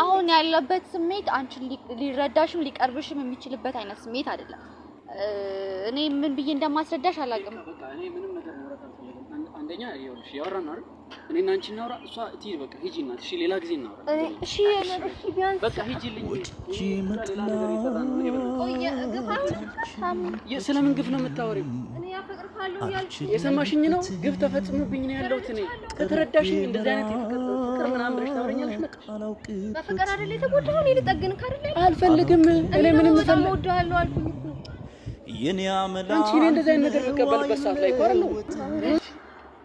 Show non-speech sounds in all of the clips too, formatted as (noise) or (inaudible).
አሁን ያለበት ስሜት አንቺን ሊረዳሽም ሊቀርብሽም የሚችልበት አይነት ስሜት አይደለም። እኔ ምን ብዬ እንደማስረዳሽ አላውቅም። አንደኛ ይኸውልሽ፣ ያወራን አይደል? እኔና አንቺ እናውራ፣ እሷ ትሂድ፣ በቃ ሂጂ እናት። እሺ፣ ሌላ ጊዜ እናውራ። እሺ፣ ቢያንስ በቃ ሂጂ። ስለምን ግፍ ነው የምታወሪው? የሰማሽኝ ነው ግፍ ተፈጽሞብኝ ነው ያለሁት እኔ ከተረዳሽኝ እንደዚህ አይነት ፍቅር ምናምን ብለሽ ታወራኛለሽ። በቃ በፍቅር አልፈልግም። እኔ ምንም ፈልግ የኔ አመላ አንቺ እኔ እንደዛ አይነት ነገር የምቀበልበት ሰዓት ላይ እኮ አይደለሁ።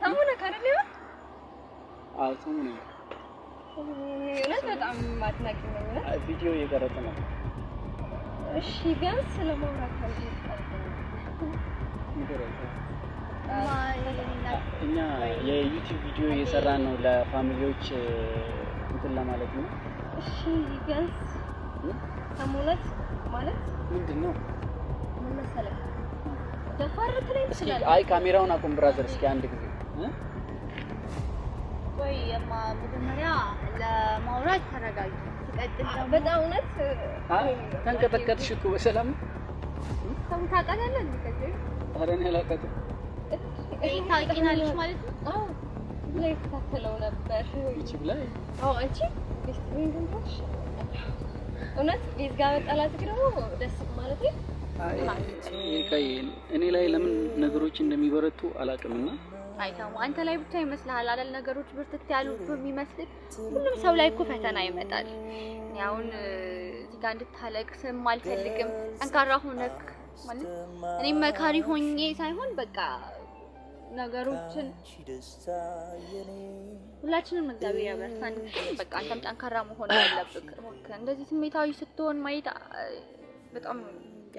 ታሙ ነህ አይደለ? አዎ ታሙ ቢያንስ ለማውራት እኛ የዩቲዩብ ቪዲዮ እየሰራን ነው ለፋሚሊዎች እንትን ለማለት ነው። እሺ ቢያንስ ከሞላት ማለት ምንድን ነው ምን መሰለህ፣ ደፋር ልትለኝ ትችላለህ። አይ ካሜራውን አቁም ብራዘር፣ እስኪ አንድ ጊዜ ወይ የማ መጀመሪያ ለማውራት ተረጋጊ። ትቀጥል ደግሞ በጣም እውነት ተንቀጠቀጥሽ እኮ በሰላም ሰው ታውቃለህ። እንዲቀጥል ኧረ እኔ አላውቃትም ታውቂናለሽ ማለት እኔ ላይ ለምን ነገሮች እንደሚበረቱ አላውቅምና አይተው አንተ ላይ ብቻ ይመስልሃል አይደል? ነገሮች ብርትት ያሉ የሚመስልህ ሁሉም ሰው ላይ እኮ ፈተና ይመጣል። እኔ አሁን እዚህ ጋር እንድታለቅስም አልፈልግም። ጠንካራ ሆነክ ማለት እኔ መካሪ ሆኜ ሳይሆን በቃ ነገሮችን ሁላችንም እግዚአብሔር ያበርታን። በቃ አንተም ጠንካራ መሆን አለብህ። እንደዚህ ስሜታዊ ስትሆን ማየት በጣም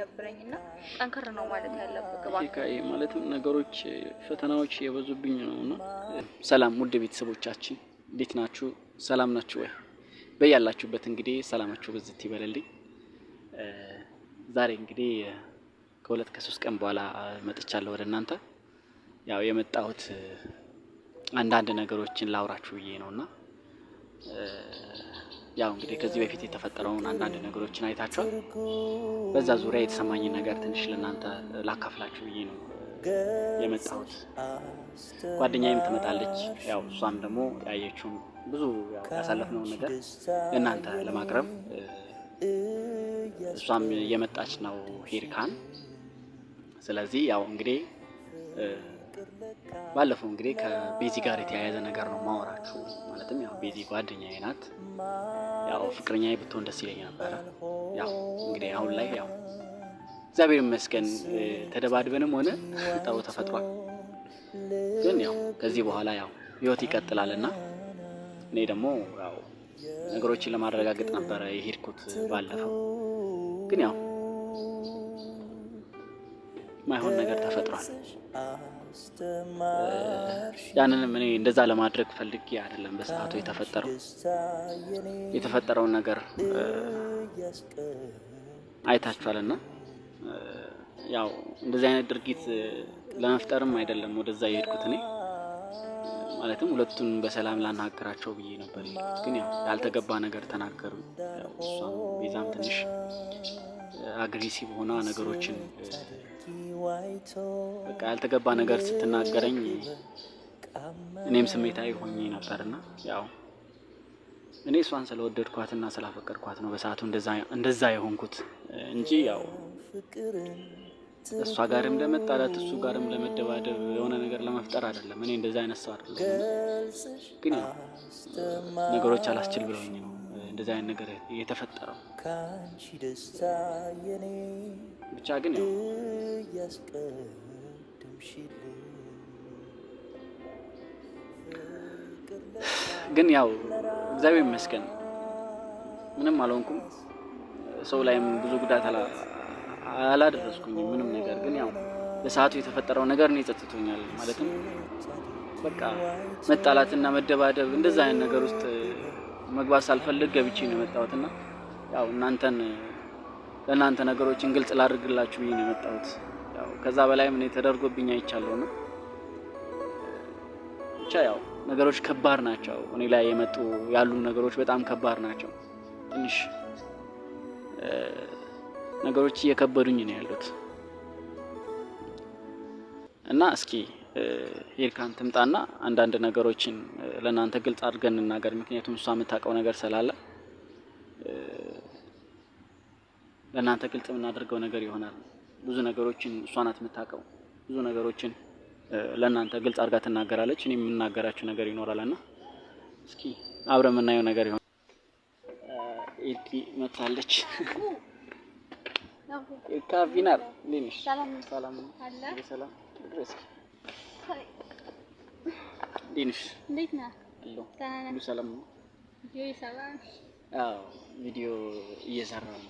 ያብረኝና ጠንከር ነው ማለት ያለብህ እባክህ። ማለትም ነገሮች ፈተናዎች የበዙብኝ ነው እና ሰላም ውድ ቤተሰቦቻችን እንዴት ናችሁ? ሰላም ናችሁ ወይ? በያላችሁበት እንግዲህ ሰላማችሁ ብዝት ይበልልኝ። ዛሬ እንግዲህ ከሁለት ከሶስት ቀን በኋላ መጥቻለሁ ወደ እናንተ ያው የመጣሁት አንዳንድ ነገሮችን ላውራችሁ ብዬ ነው እና ያው እንግዲህ ከዚህ በፊት የተፈጠረውን አንዳንድ ነገሮችን አይታችኋል። በዛ ዙሪያ የተሰማኝን ነገር ትንሽ ለእናንተ ላካፍላችሁ ብዬ ነው የመጣሁት። ጓደኛዬም ትመጣለች። ያው እሷም ደግሞ ያየችውን ብዙ ያሳለፍነውን ነገር ለእናንተ ለማቅረብ እሷም የመጣች ነው ሄርካን። ስለዚህ ያው እንግዲህ ባለፈው እንግዲህ ከቤዚ ጋር የተያያዘ ነገር ነው ማወራችሁ። ማለትም ያው ቤዚ ጓደኛዬ ናት፣ ያው ፍቅረኛ ብትሆን ደስ ይለኝ ነበረ። ያው እንግዲህ አሁን ላይ ያው እግዚአብሔር ይመስገን ተደባድበንም ሆነ ጠሩ ተፈጥሯል። ግን ያው ከዚህ በኋላ ያው ህይወት ይቀጥላል እና እኔ ደግሞ ያው ነገሮችን ለማረጋገጥ ነበረ የሄድኩት ባለፈው። ግን ያው ማይሆን ነገር ተፈጥሯል። ያንንም እኔ እንደዛ ለማድረግ ፈልጌ አይደለም በሰዓቱ የተፈጠረው የተፈጠረውን ነገር አይታችኋልና ያው እንደዚህ አይነት ድርጊት ለመፍጠርም አይደለም ወደዛ የሄድኩት እኔ ማለትም ሁለቱን በሰላም ላናገራቸው ብዬ ነበር ግን ያው ያልተገባ ነገር ተናገሩ። እሷም ቤዛም ትንሽ አግሬሲቭ ሆና ነገሮችን በቃ ያልተገባ ነገር ስትናገረኝ እኔም ስሜታዊ ሆኜ ነበርና ያው እኔ እሷን ስለወደድኳትና ስላፈቀድኳት ነው በሰዓቱ እንደዛ የሆንኩት እንጂ ያው እሷ ጋርም ለመጣላት እሱ ጋርም ለመደባደብ የሆነ ነገር ለመፍጠር አይደለም። እኔ እንደዛ አይነት ሰው አይደለም። ግን ነገሮች አላስችል ብለውኝ ነው እንደዚህ አይነት ነገር የተፈጠረው። ብቻ ግን ያው ግን ያው እግዚአብሔር ይመስገን ምንም አልሆንኩም። ሰው ላይም ብዙ ጉዳት አላደረስኩኝ ምንም ነገር ግን ያው በሰዓቱ የተፈጠረው ነገር ነው ይጸጽቶኛል። ማለትም በቃ መጣላትና መደባደብ እንደዛ አይነት ነገር ውስጥ መግባት ሳልፈልግ ገብቼ ነው የመጣሁት እና ያው እናንተን ለእናንተ ነገሮችን ግልጽ ላድርግላችሁ ብዬ ነው የመጣሁት። ያው ከዛ በላይ ምን ተደርጎብኝ አይቻለሁ እና ብቻ ያው ነገሮች ከባድ ናቸው። እኔ ላይ የመጡ ያሉ ነገሮች በጣም ከባድ ናቸው። ትንሽ ነገሮች እየከበዱኝ ነው ያሉት እና እስኪ ሄልካን ትምጣና አንዳንድ ነገሮችን ለእናንተ ግልጽ አድርገን እንናገር። ምክንያቱም እሷ የምታውቀው ነገር ስላለ ለእናንተ ግልጽ የምናደርገው ነገር ይሆናል። ብዙ ነገሮችን እሷ ናት የምታውቀው። ብዙ ነገሮችን ለእናንተ ግልጽ አድርጋ ትናገራለች። እኔ የምናገራችሁ ነገር ይኖራል እና እስኪ አብረ የምናየው ነገር ይሆናል። ኤልኪ መታለች። ካቪናር ሰላም ሰላም እንዴት ነህ? ሰላም ነው? ቪዲዮ እየሰራ ነው።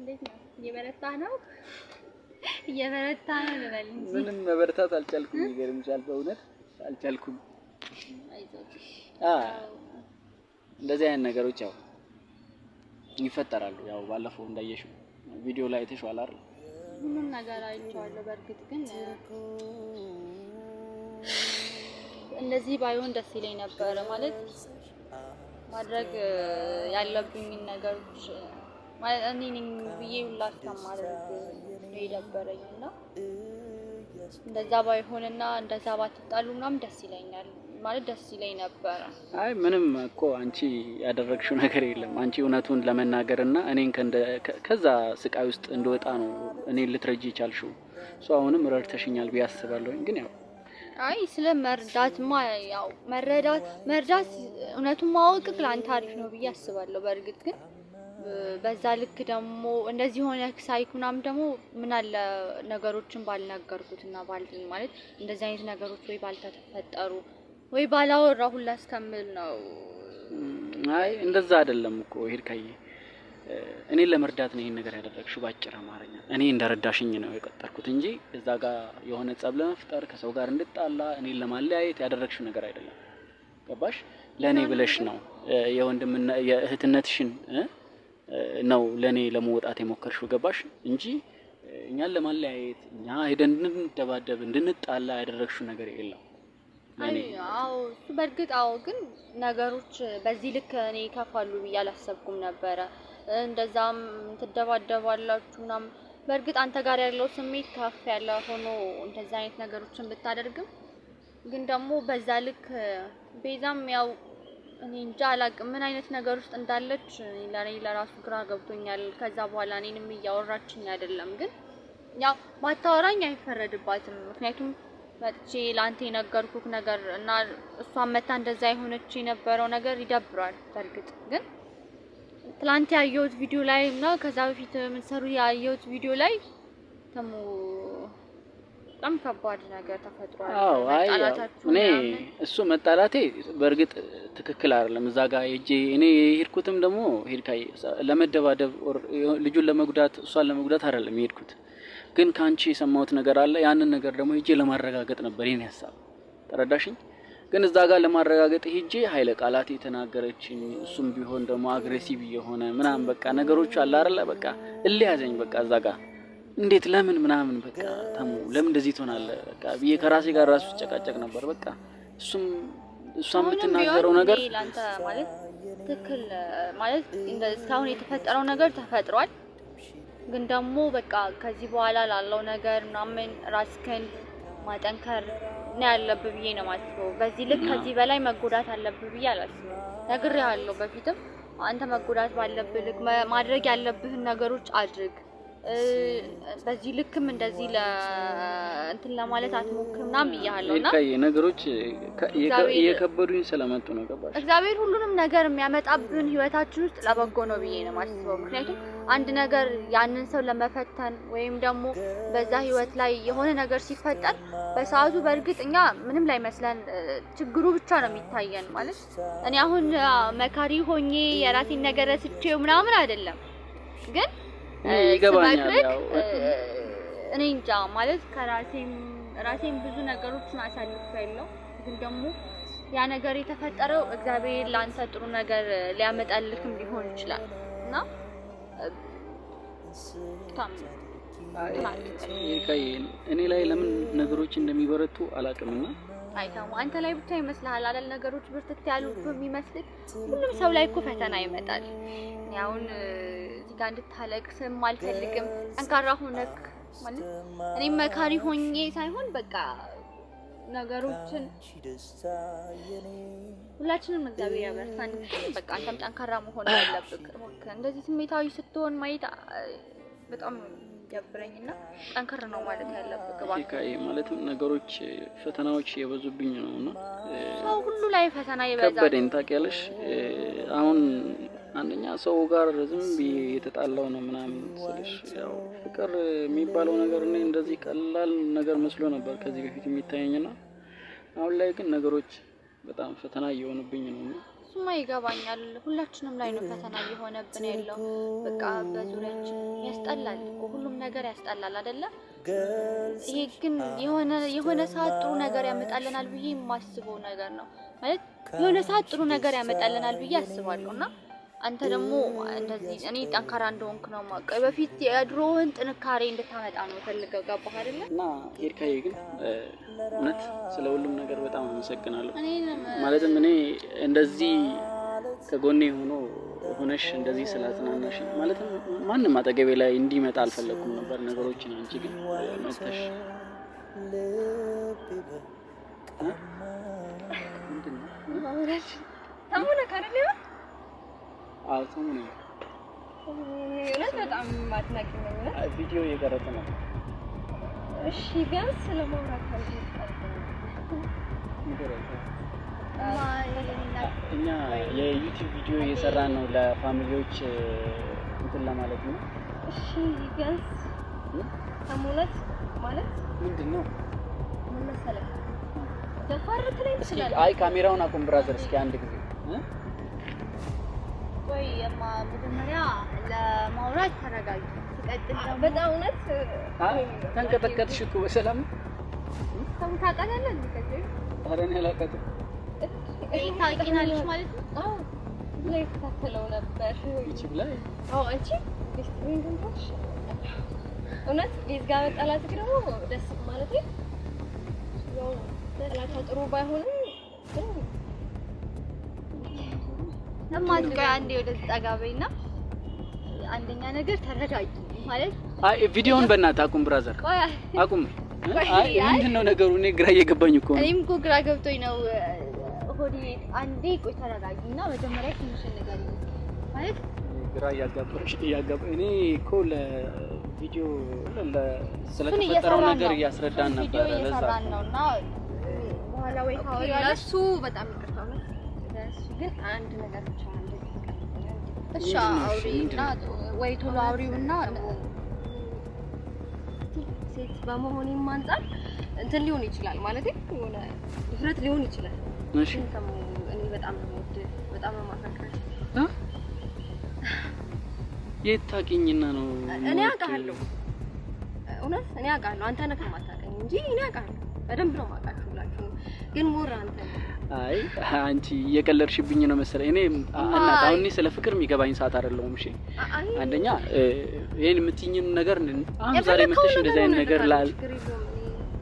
እንዴት ነው? እየበረታህ ነው? እየበረታህ ነው ልበል እንጂ ምንም መበረታት አልቻልኩም። ይገርምሻል፣ በእውነት አልቻልኩም። እንደዚህ አይነት ነገሮች ያው ይፈጠራሉ። ያው ባለፈው እንዳየሽው ቪዲዮ ላይ አይተሽዋል አይደል? ሁሉም ነገር አይቼዋለሁ። በእርግጥ ግን እንደዚህ ባይሆን ደስ ይለኝ ነበረ ማለት ማድረግ ያለብኝን ነገሮች ማለት እኔ ብዬ ሁላችሁም ማድረግ የነበረኝ እና እንደዛ ባይሆንና እንደዛ ባትጣሉ ምናምን ደስ ይለኛል ማለት ደስ ይለኝ ነበረ። አይ ምንም እኮ አንቺ ያደረግሽው ነገር የለም። አንቺ እውነቱን ለመናገር እና እኔን ከዛ ስቃይ ውስጥ እንደወጣ ነው እኔን ልትረጅ ይቻልሽው። እሱ አሁንም ረድተሽኛል ብዬ አስባለሁኝ ግን ያው አይ ስለ መርዳትማ ያው መረዳት መርዳት እውነቱን ማወቅ ለአንተ አሪፍ ነው ብዬ አስባለሁ። በእርግጥ ግን በዛ ልክ ደግሞ እንደዚህ ሆነ ሳይክ ምናምን ደግሞ ምን አለ ነገሮችን ባልነገርኩት እና ባል ማለት እንደዚህ አይነት ነገሮች ወይ ባልተፈጠሩ ወይ ባላወራ ሁላ እስከምል ነው። አይ እንደዛ አይደለም እኮ ሄድካዬ እኔን ለመርዳት ነው ይህን ነገር ያደረግሽው። ባጭር አማርኛ እኔ እንደረዳሽኝ ነው የቆጠርኩት እንጂ እዛ ጋር የሆነ ጸብ ለመፍጠር ከሰው ጋር እንድጣላ እኔን ለማለያየት ያደረግሽው ነገር አይደለም። ገባሽ? ለእኔ ብለሽ ነው የወንድምና የእህትነትሽን ነው ለእኔ ለመወጣት የሞከርሽው። ገባሽ? እንጂ እኛን ለማለያየት እኛ ሄደን እንድንደባደብ እንድንጣላ ያደረግሽው ነገር የለም። አዎ እሱ በእርግጥ አዎ፣ ግን ነገሮች በዚህ ልክ እኔ ይከፋሉ ብዬ አላሰብኩም ነበረ። እንደዛም ትደባደባላችሁ ምናምን። በእርግጥ አንተ ጋር ያለው ስሜት ከፍ ያለ ሆኖ እንደዛ አይነት ነገሮችን ብታደርግም ግን ደግሞ በዛ ልክ ቤዛም ያው እኔ እንጃ አላቅም ምን አይነት ነገር ውስጥ እንዳለች ለኔ ለራሱ ግራ ገብቶኛል። ከዛ በኋላ እኔንም እያወራችኝ አይደለም፣ ግን ያው ማታወራኝ አይፈረድባትም። ምክንያቱም መጥቼ ለአንተ የነገርኩት ነገር እና እሷን መታ እንደዛ የሆነች የነበረው ነገር ይደብራል። በእርግጥ ግን ትላንት ያየሁት ቪዲዮ ላይ ነው። ከዛ በፊት የምትሰሩ ያየሁት ቪዲዮ ላይ ተሙ በጣም ከባድ ነገር ተፈጥሯል። አዎ አይ እኔ እሱ መጣላቴ በእርግጥ ትክክል አይደለም። እዛ ጋር ሄጄ እኔ የሄድኩትም ደግሞ ሄድካይ ለመደባደብ ኦር ልጁን ለመጉዳት እሷን ለመጉዳት አይደለም የሄድኩት። ግን ከአንቺ የሰማሁት ነገር አለ። ያንን ነገር ደግሞ ሄጄ ለማረጋገጥ ነበር ይሄን ሀሳብ ተረዳሽኝ? ግን እዛ ጋር ለማረጋገጥ ሄጄ ኃይለ ቃላት የተናገረችኝ እሱም ቢሆን ደግሞ አግሬሲቭ እየሆነ ምናምን በቃ ነገሮቹ አለ አይደለ በቃ እልህ ያዘኝ። በቃ እዛ ጋር እንዴት ለምን ምናምን በቃ ተሙ ለምን እንደዚህ ትሆናለህ በቃ ብዬ ከራሴ ጋር ራሱ ጨቃጨቅ ነበር። በቃ እሱም እሷ የምትናገረው ነገር ለአንተ ትክክል ማለት እስካሁን የተፈጠረው ነገር ተፈጥሯል። ግን ደግሞ በቃ ከዚህ በኋላ ላለው ነገር ምናምን ራስክን ማጠንከር ነው ያለብህ ብዬ ነው የማስበው። በዚህ ልክ ከዚህ በላይ መጎዳት አለብህ ብዬ አላስብም። ነግሬሃለሁ በፊትም አንተ መጎዳት ባለብህ ልክ ማድረግ ያለብህን ነገሮች አድርግ። በዚህ ልክም እንደዚህ እንትን ለማለት አትሞክር ምናምን ብያለሁ ነገሮች እየከበዱኝ ስለመጡ ነው። ገባሽ? እግዚአብሔር ሁሉንም ነገር የሚያመጣብን ህይወታችን ውስጥ ለበጎ ነው ብዬ ነው የማስበው። ምክንያቱም አንድ ነገር ያንን ሰው ለመፈተን ወይም ደግሞ በዛ ህይወት ላይ የሆነ ነገር ሲፈጠር በሰዓቱ በእርግጥ እኛ ምንም ላይ መስለን ችግሩ ብቻ ነው የሚታየን። ማለት እኔ አሁን መካሪ ሆኜ የራሴን ነገር ረስቼው ምናምን አይደለም ግን እኔ እንጃ ማለት ከራሴም ራሴም ብዙ ነገሮችን አሳልፌያለሁ፣ ግን ደግሞ ያ ነገር የተፈጠረው እግዚአብሔር ለአንተ ጥሩ ነገር ሊያመጣልክም ሊሆን ይችላል እና እኔ ላይ ለምን ነገሮች እንደሚበረቱ አላውቅምና አይታሙ አንተ ላይ ብቻ ይመስልሃል አይደል? ነገሮች ብርትት ያሉ የሚመስልህ ሁሉም ሰው ላይ እኮ ፈተና ይመጣል። አሁን ጋር እንድታለቅስም አልፈልግም። ጠንካራ ሆነክ ማለት እኔ መካሪ ሆኜ ሳይሆን በቃ ነገሮችን ሁላችንም እግዚአብሔር ያበርታን። በቃ አንተም ጠንካራ መሆን አለብህ። እንደዚህ ስሜታዊ ስትሆን ማየት በጣም ደብረኝና ጠንከር ነው ማለት ያለብህ ማለትም ነገሮች ፈተናዎች የበዙብኝ ነው ነውና ሰው ሁሉ ላይ ፈተና ይበዛል። ከበደኝ ታውቂያለሽ አሁን አንደኛ ሰው ጋር ዝም ብዬ የተጣላው ነው ምናምን ስልሽ፣ ያው ፍቅር የሚባለው ነገር እኔ እንደዚህ ቀላል ነገር መስሎ ነበር ከዚህ በፊት የሚታየኝና አሁን ላይ ግን ነገሮች በጣም ፈተና እየሆኑብኝ ነው። እሱማ ይገባኛል። ሁላችንም ላይ ነው ፈተና እየሆነብን ያለው። በቃ በዙሪያችን ያስጠላል፣ ሁሉም ነገር ያስጠላል አይደለም። ይሄ ግን የሆነ የሆነ ሰዓት ጥሩ ነገር ያመጣልናል ብዬ የማስበው ነገር ነው ማለት የሆነ ሰዓት ጥሩ ነገር ያመጣልናል ብዬ አስባለሁ እና አንተ ደግሞ እንደዚህ እኔ ጠንካራ እንደሆንክ ነው የማውቀው። በፊት የድሮውን ጥንካሬ እንድታመጣ ነው ፈልገው። ገባህ አይደለ? እና ኤርካዬ ግን እውነት ስለ ሁሉም ነገር በጣም አመሰግናለሁ። ማለትም እኔ እንደዚህ ከጎኔ ሆኖ ሆነሽ እንደዚህ ስላጽናናሽ፣ ማለትም ማንም አጠገቤ ላይ እንዲመጣ አልፈለግኩም ነበር ነገሮችን። አንቺ ግን መጥተሽ ምንድን ነው አልሰሙ አድናቂ ቪዲዮ እየቀረጽ ነው። እሺ፣ ቢያንስ እኛ የዩቲዩብ ቪዲዮ እየሰራን ነው ለፋሚሊዎች እንትን ለማለት ነው። እሺ፣ ቢያንስ ለማውራት ማለት ምንድን ነው ምን መሰለህ፣ ደፋር ልትለኝ ትችላለህ። አይ ካሜራውን አቁም ብራዘር፣ እስኪ አንድ ጊዜ ቆይ መጀመሪያ ለማውራት ተረጋጊ። ሲቀጥል ደግሞ በጣም እውነት ተንቀጠቀጥሽ እኮ በሰላም ሰው ታውቃለህ እንዴ? ታውቂናለሽ ማለት ነው? አዎ ነበር አዎ አንቺ እውነት ቤዝ ጋር መጣላት ደግሞ ደስ ማለት ነው። ያው ጥሩ ባይሆንም እማት ጋር አንደኛ ነገር ተረጋጊ ማለት አይ፣ ቪዲዮውን በእናትህ አቁም ብራዘር፣ አቁም። አይ ምንድን ነው ነገሩ? እኔ ግራ እየገባኝ እኮ እኔም እኮ ግራ ገብቶኝ ነው። ሆዴ አንዴ ቆይ፣ ተረጋጊና መጀመሪያ ትንሽ ነገር ማለት ግራ እያጋባሽ እያጋባ እኔ እኮ ለቪዲዮ ስለተፈጠረው ነገር እያስረዳን ነበር ለዛ ነው እና በኋላ ወይ ታወራለህ። እሱ በጣም ይቅርታ ግን አንድ ነገር ብቻ እሺ፣ አውሪና ወይ ቶሎ አውሪውና ሴት በመሆኔም አንፃር እንትን ሊሆን ይችላል ማለት የሆነ ድፍረት ሊሆን ይችላል። እሺ፣ እኔ በጣም ነው የምወድህ፣ በጣም ነው የማፈቅርህ። የት ታውቂኝና ነው? እኔ አውቃለሁ፣ እውነት እኔ አውቃለሁ። አንተ ነህ ከማታውቀኝ እንጂ እኔ አውቃለሁ፣ በደንብ ነው የማውቃችሁ ሁላችሁም። ግን ሞር አንተ ነው አይ አንቺ እየቀለድሽብኝ ነው መሰለኝ። እኔ እናት አሁን እኔ ስለ ፍቅር የሚገባኝ ሰዓት አይደለሁም። እሺ አንደኛ ይሄን የምትይኝን ነገር አሁን ዛሬ መጥተሽ እንደዚህ አይነት ነገር ላል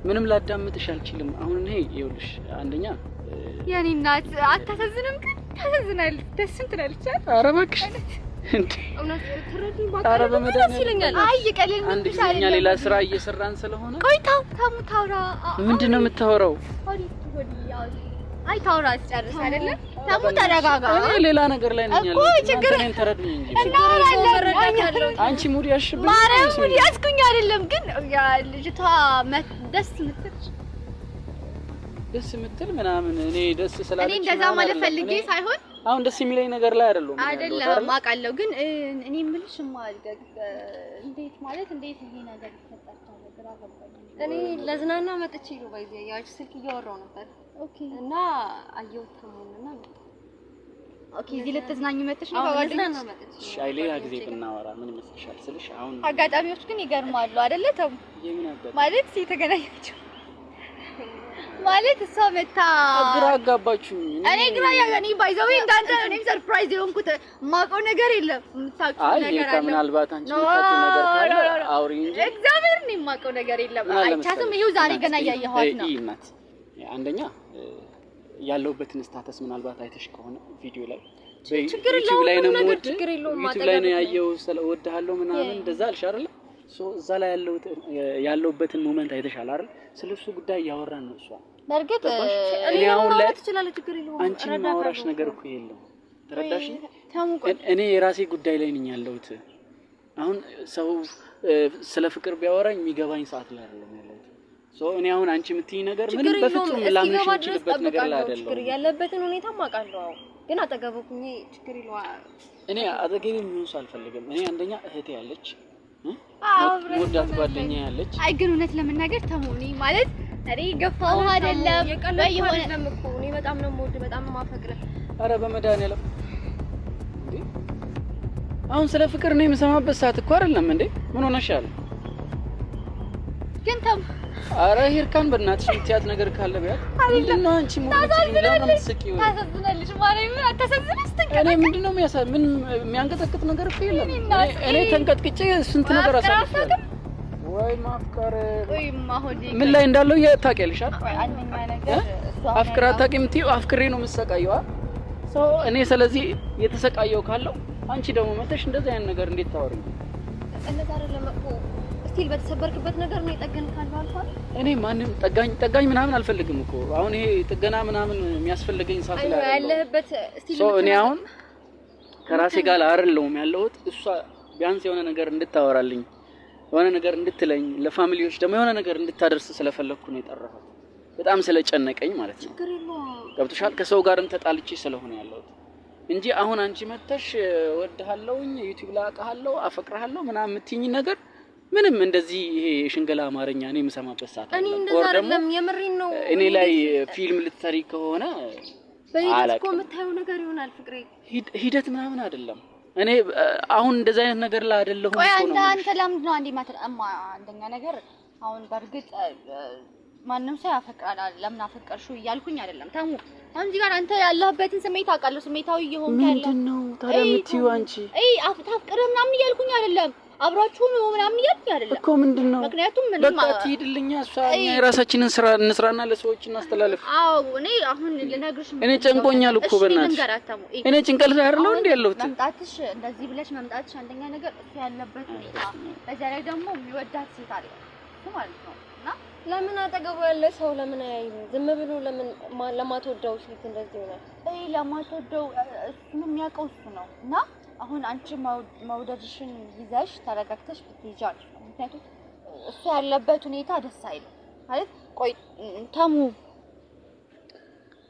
ምንም ላዳምጥሽ አልችልም። አሁን እኔ ይኸውልሽ፣ አንደኛ የኔ እናት አታሳዝንም? ግን ታሳዝናለች፣ ደስም ትላለች። ኧረ እባክሽ ሌላ ስራ እየሰራን ስለሆነ ቆይ፣ ታው ታው ታውራ ምንድን ነው የምታወራው? አይ ታውራ አስጨርስ አይደለ? ደግሞ ተረጋጋ። እኔ ሌላ ነገር ላይ ነኝ እኮ ችግር ተረዱኝ እንጂ እናወራለን። አንቺ ሙድ ያሽብኝ ማርያም፣ ሙድ ያስኩኝ አይደለም ግን ያ ልጅቷ ደስ ምትል ደስ ምትል ምናምን እኔ ደስ ስላለ እኔ እንደዛ ማለት ፈልጌ ሳይሆን አሁን ደስ የሚለኝ ነገር ላይ አይደለም። አይደለም አውቃለሁ፣ ግን እኔ የምልሽ ማልገግ እንዴት ማለት እንዴት ይሄ ነገር ይፈጠራል? እኔ ለዝናና መጥቼ ነው ባይዘያችሁ ስልክ እያወራሁ ነበር እና አየሁት እና ኦኬ፣ እዚህ ልትዝናኝ መጥተሽ ነው? አይ ሌላ ጊዜ ብናወራ ምን ይመስልሻል ስልሽ፣ አሁን አጋጣሚዎች ግን ይገርማሉ አይደለ? ተው ማለት የተገናኛችሁ (laughs) ማለት እሷ መታ ግራ አጋባችሁ። እኔ ግራ ያገኒ ባይዘው እንዳንተ እኔም ሰርፕራይዝ የሆንኩት የማውቀው ነገር የለም። የምታውቂው ነገር አለ? ምናልባት አንቺ የምታውቂው ነገር ካለ አውሪ እንጂ እግዚአብሔር፣ እኔ የማውቀው ነገር የለም። አይቻትም። ይኸው ዛሬ ገና እያየኋት ነው። አንደኛ ያለውበትን ስታተስ ምናልባት አይተሽ ከሆነ ቪዲዮ ላይ ዩቲዩብ ላይ ነው ወድ ዩቲዩብ ላይ ነው ያየው ስለወድሃለሁ ምናምን እንደዛ አልሽ አይደል? ሶ እዛ ላይ ያለው ያለውበትን ሞመንት አይተሻል አይደል? እሱ ጉዳይ እያወራን ነው። እሷ በርግጥ እኔ አሁን ላይ አንቺ ማውራሽ ነገር እኮ የለም። ተረዳሽ? እኔ የራሴ ጉዳይ ላይ ነኝ ያለሁት። አሁን ሰው ስለ ፍቅር ቢያወራኝ የሚገባኝ ሰዓት ላይ አይደለም ያለሁት ሶ እኔ አሁን አንቺ የምትይኝ ነገር ምንም በፍጹም ላምንሽ የምችልበት ነገር ላይ አይደለም። ችግር ያለበትን ሁኔታ አውቃለሁ። አዎ፣ ግን አጠገቡ ሁኚ፣ ችግር ይለዋል። እኔ አጠገቤ የሚሆን ሰው አልፈልግም። እኔ አንደኛ እህቴ ያለች ወዳት ጓደኛ ያለች። አይ ግን እውነት ለመናገር ተሞኒ ማለት እኔ ገፋው አይደለም የሆነ እኮ እኔ በጣም ነው የምወድ በጣም ማፈቅረ አረ ኧረ በመድኃኒዓለም አሁን ስለ ፍቅር ነው የምሰማበት ሰዓት እኮ አይደለም እንዴ! ምን ሆነሻል? ግን ተም አረ ሄርካን በእናትሽ የምትያት ነገር ካለ ቢያት ምንድን ነው አንቺ ምን የሚያንቀጠቅጥ ነገር እኮ የለም። እኔ ተንቀጥቅጬ ስንት ነገር አሳልፌያለሁ። ወይ ማፍቀር ምን ላይ እንዳለው ታውቂያለሽ። አፍቅር አታውቂም እምትይው አፍቅሬ ነው የምትሰቃየው። እኔ ስለዚህ የተሰቃየው ካለው አንቺ ደግሞ መተሽ እንደዚህ አይነት ነገር እንዴት ታወሪኝ? ስቲል በተሰበርክበት ነገር ነው የጠገን እኔ ማንም ጠጋኝ ጠጋኝ ምናምን አልፈልግም እኮ አሁን ይሄ ጥገና ምናምን የሚያስፈልገኝ ሳት ላይ ያለህበት ስቲል እኔ አሁን ከራሴ ጋር አይደለሁም ያለሁት። እሷ ቢያንስ የሆነ ነገር እንድታወራልኝ የሆነ ነገር እንድትለኝ ለፋሚሊዎች ደግሞ የሆነ ነገር እንድታደርስ ስለፈለግኩ ነው የጠራሁት። በጣም ስለጨነቀኝ ማለት ነው። ገብቶሻል? ከሰው ጋርም ተጣልቼ ስለሆነ ያለሁት እንጂ አሁን አንቺ መተሽ ወድሃለሁኝ ዩቲዩብ ላይ አውቃሃለሁ አፈቅርሃለሁ ምናምን የምትይኝ ነገር ምንም እንደዚህ ይሄ ሽንገላ አማርኛ እኔ የምሰማበት ሰዓት እኔ እንደዛ አይደለም። የምሬን ነው። እኔ ላይ ፊልም ልትሰሪ ከሆነ በሂደት እኮ የምታየው ነገር ይሆናል ፍቅሬ። ሂደት ምናምን አይደለም። እኔ አሁን እንደዚህ አይነት ነገር ላይ አይደለሁም። ቆይ አንተ አንተ ለምንድን ነው አንዴ ማተጣማ? አንደኛ ነገር አሁን በእርግጥ ማንም ሰው ያፈቅራል። ለምን አፈቀርሽው እያልኩኝ አይደለም ታሙ። አሁን እዚህ ጋር አንተ ያለህበትን ስሜት አውቃለሁ። ስሜታዊ እየሆንክ ያለ ምንድን ነው ታዲያ የምትይው አንቺ? አይ ታፍቅርህ ምናምን እያልኩኝ አይደለም አብራችሁ ነው ምናምን እያልኩኝ አይደለም እኮ ምንድን ነው ምክንያቱም ምንም በቃ ትሂድልኛ እሷ የራሳችንን ስራ እንስራና ለሰዎች እናስተላልፍ አዎ እኔ አሁን ልነግርሽ እኔ ጨንቆኛል እኮ በእናትሽ እኔ ጭንቀት ላይ አይደለሁ እንዴ ያለሁት መምጣትሽ እንደዚህ ብለሽ መምጣትሽ አንደኛ ነገር እሱ ያለበት ሁኔታ በዚያ ላይ ደግሞ የሚወዳት ሴት አለ ማለት ነው ለምን አጠገቡ ያለ ሰው ለምን አያይም? ዝም ብሎ ለምን ለማትወደው ሴት እንደዚህ ይሆናል? እይ ለማትወደው እሱንም የሚያውቀው እሱ ነው እና አሁን አንቺ መውደድሽን ይዘሽ ተረጋግተሽ ብትሄጂ አሪፍ ነው። ምክንያቱም እሱ ያለበት ሁኔታ ደስ አይልም ማለት ቆይ ተሙ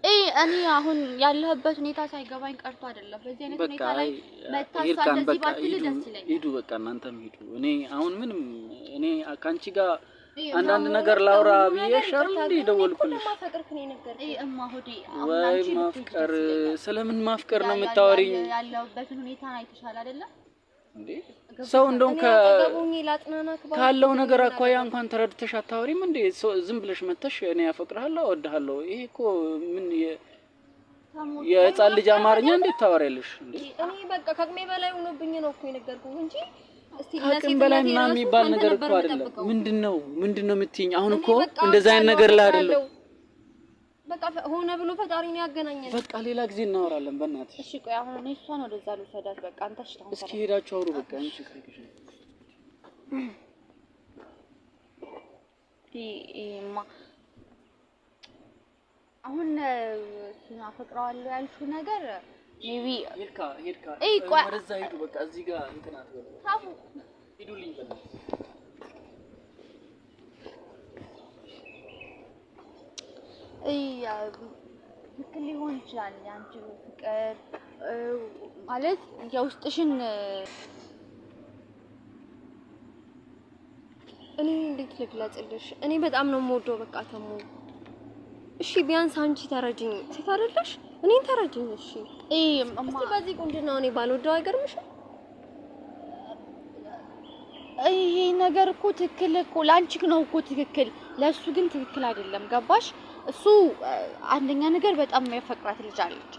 ይሄ እኔ አሁን ያለህበት ሁኔታ ሳይገባኝ ቀርቶ አይደለም። በዚህ አይነት ሁኔታ ላይ መታሰብ ደስ ይለኛል። ሂዱ በቃ እናንተም ሂዱ። እኔ አሁን ምንም እኔ ከአንቺ ጋር አንዳንድ ነገር ላውራ ብዬሽ አይደል እንደ ደወልኩልሽ። ወይ ማፍቀር፣ ስለምን ማፍቀር ነው የምታወሪኝ? ያለሁበትን ሁኔታ አይተሻል አይደለም እንዴ? ሰው እንደውም ካለው ነገር አኳያ እንኳን ተረድተሽ አታወሪም እንዴ? ዝም ብለሽ መተሽ እኔ አፈቅርሃለሁ፣ እወድሃለሁ። ይሄ እኮ ምን የህፃን ልጅ አማርኛ እንዴት ታወሪያለሽ እንዴ? እኔ በቃ ከአቅሜ በላይ ሆኖብኝ ነው እኮ የነገርኩህ እንጂ አቅም በላይ ምናምን የሚባል ነገር እኮ አይደለም። ምንድን ነው ምንድን ነው የምትይኝ? አሁን እኮ እንደዛ አይነት ነገር ላይ አይደለም። በቃ ሆነ ብሎ ፈጣሪ ነው ያገናኘን። በቃ ሌላ ጊዜ እናወራለን። በእናትሽ እሺ። ቆይ አሁን እኔ እሷን ወደዛ ልውሰዳት። በቃ አንተ እሺ፣ ታውቃለህ። እስኪ ሄዳችሁ አውሩ። በቃ አንቺ ከልክሽ ይሄማ አሁን እሱን አፈቅረዋለሁ ያልሽው ነገር ሜቢ ሄድካ ሄድካ እይ ቆይ፣ ወደዛ ሄዱ። በቃ እዚህ ጋር እንትን አትበሉ። ሄዱልኝ በቃ እይ ልክ ሊሆን ይችላል። ያንቺ ፍቅር ማለት የውስጥሽን እኔ እንዴት ልግለጽልሽ? እኔ በጣም ነው የምወደው። በቃ ተሙ እሺ፣ ቢያንስ አንቺ ተረጅኝ ሴት አይደለሽ እኔን ተረጅኝ። እሺ እማ በዚህ ቁንጅና እኔ ባልወደው አይገርምሽም? ይሄ ነገር እኮ ትክክል እኮ ለአንቺ ነው እኮ ትክክል፣ ለእሱ ግን ትክክል አይደለም። ገባሽ? እሱ አንደኛ ነገር በጣም የሚያፈቅራት ልጅ አለች።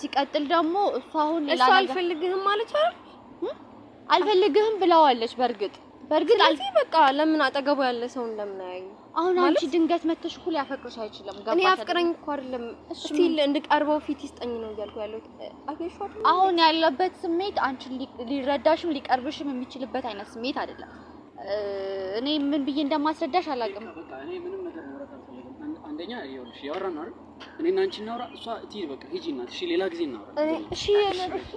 ሲቀጥል ደግሞ እሱ አሁን ሌላ ነገር አልፈልግህም ማለት አይደል? አልፈልግህም ብለዋለች። በእርግጥ በእርግጥ በቃ ለምን አጠገቡ ያለ ሰው ለምን አሁን አንቺ ድንገት መተሽ እኮ ሊያፈቅርሽ አይችልም። እኔ አፍቅረኝ እኮ አይደለም ስቲል እንድቀርበው ፊት ይስጠኝ ነው እያልኩ ያለሁት። አሁን ያለበት ስሜት አንቺ ሊረዳሽም ሊቀርብሽም የሚችልበት አይነት ስሜት አይደለም። እኔ ምን ብዬ እንደማስረዳሽ አላውቅም። አንደኛ ይኸውልሽ ያወራን አይደል? እኔና አንቺ እናውራ፣ እሷ ትሂድ በቃ ሂጂ እናት። እሺ ሌላ ጊዜ እናውራ። እሺ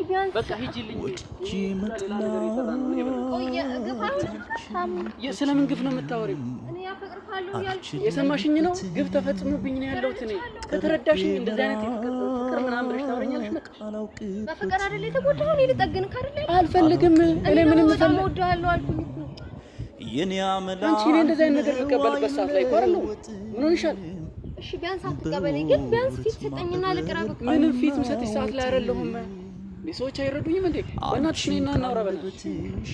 ቢያንስ በቃ ሂጂልኝ። ስለምን ግፍ ነው የምታወሪው? የሰማሽኝ ነው። ግብ ተፈጽሞብኝ ነው ያለሁት እኔ። ከተረዳሽኝ እንደዚህ አይነት ፍቅር ምናምን ብለሽ ታወራኛለሽ። በቃ በፍቅር አይደለ የተጎዳሁ እኔ ልጠግን ካርለ አልፈልግም። እኔ ምንም ፈልግ ወደዋለሁ አልኩኝ እኮ የኔ አመላ አንቺ እኔ እንደዚህ አይነት ነገር ልቀበልበት ሰዓት ላይ እኮ አይደለሁ። ምን ሆንሻል? እሺ ቢያንስ አትቀበለኝ፣ ግን ቢያንስ ፊት ስጠኝና ልቅረብ። ምንም ፊት ምሰጥሽ ሰዓት ላይ አይደለሁም። ሰዎች አይረዱኝም እንዴ? በእናትሽ እኔና እናውራ በእናትሽ።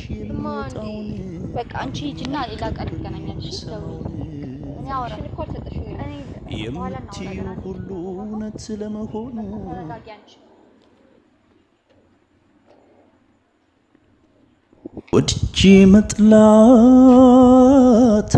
በቃ አንቺ ሂጂና ሌላ ቀን እንገናኛለን። የምትይው ሁሉ እውነት ለመሆኑ ወድጄ መጥላት